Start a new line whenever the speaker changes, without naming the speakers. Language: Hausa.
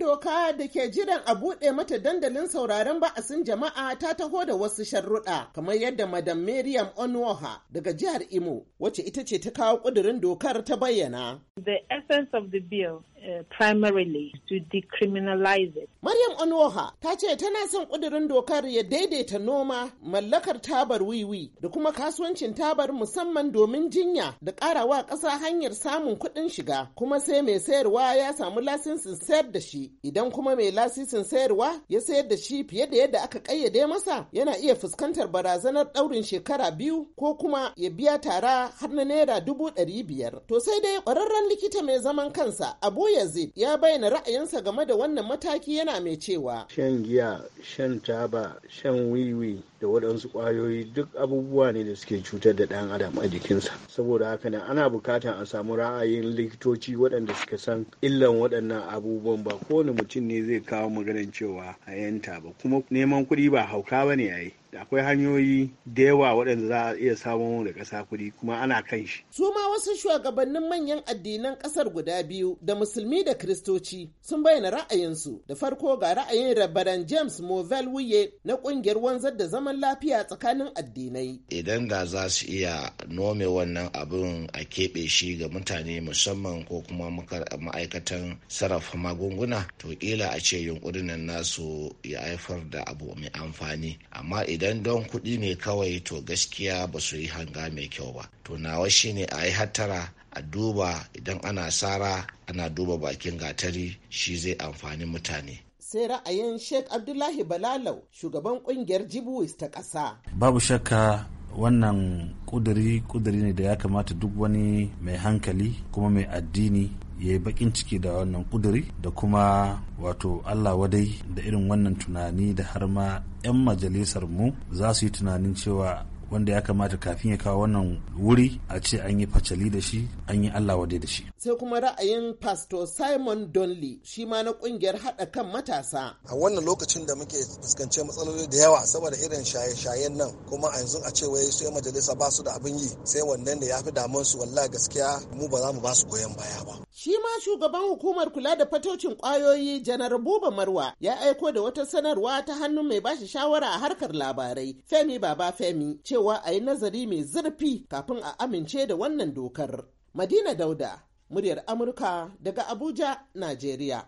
doka da ke jiran a buɗe mata dandalin sauraron ba'asin jama'a ta taho da wasu sharruɗa kamar yadda madam Miriam Onwoha daga jihar Imo wacce ita ce ta kawo ƙudurin dokar ta bayyana. The essence of the bill Eh, primarily to decriminalize it. Maryam onoha ta ce tana son ƙudurin dokar ya daidaita noma, mallakar tabar wiwi da kuma kasuwancin tabar musamman domin jinya da ƙarawa ƙasa hanyar samun kuɗin shiga, kuma sai mai sayarwa ya samu lasisin sayar da shi. Idan kuma mai lasisin sayarwa ya sayar da shi fiye da yadda aka ƙayyade masa, yana iya fuskantar barazanar ɗaurin shekara biyu ko kuma ya biya tara har na naira dubu ɗari biyar. To sai dai ƙwararren likita mai zaman kansa Abu Yazid ya bayyana ra'ayinsa game da wannan mataki yana mai cewa.
Shan giya, shan taba, shan wiwi da waɗansu ƙwayoyi duk abubuwa ne da suke cutar da ɗan adam a jikinsa saboda haka ne ana bukatar a samu ra'ayin likitoci waɗanda suka san illan waɗannan abubuwan ba kowane mutum ne zai kawo maganar cewa a yanta ba kuma neman kuɗi ba hauka ba ne yayi akwai hanyoyi da yawa waɗanda za a iya samun da ƙasa kuɗi kuma ana kan shi.
su ma wasu shugabannin manyan addinan ƙasar guda biyu da musulmi da kristoci sun bayyana ra'ayinsu da farko ga ra'ayin rabaran james movell wuye na ƙungiyar wanzar da zama zaman lafiya tsakanin
addinai. Idan da za su iya nome wannan abin a keɓe shi ga mutane musamman ko kuma ma'aikatan sarrafa magunguna to kila a ce yunkurin nan nasu ya haifar da abu mai amfani amma idan don kuɗi ne kawai to gaskiya ba su yi hanga mai kyau ba to nawa shine a yi hattara a duba idan ana sara ana duba bakin gatari shi zai amfani mutane
sai ra'ayin Sheikh Abdullahi Balalau shugaban kungiyar Jibuwis ta ƙasa.
Babu shakka wannan kuduri kuduri ne da ya kamata duk wani mai hankali kuma mai addini ya yi bakin ciki da wannan kuduri da kuma wato Allah wadai da irin wannan tunani da har ma 'yan majalisar mu za su yi tunanin cewa wanda ya kamata kafin ya kawo wannan wuri a ce an yi facali da shi an yi allah wade da shi
sai kuma ra'ayin pastor simon donley shi ma na
kungiyar haɗa kan matasa a wannan lokacin da muke fuskance matsaloli da yawa saboda irin shaye-shayen nan kuma a yanzu a ce wai su majalisa ba su da abin yi sai wannan da ya fi damun su wallahi gaskiya mu ba za mu ba su goyon baya
ba shi ma shugaban hukumar kula da fatocin kwayoyi janar buba marwa ya aiko da wata sanarwa ta hannu mai bashi shawara a harkar labarai femi baba femi cewa cewa a yi nazari mai zurfi kafin a amince da wannan dokar. Madina Dauda, muryar Amurka daga Abuja, Najeriya.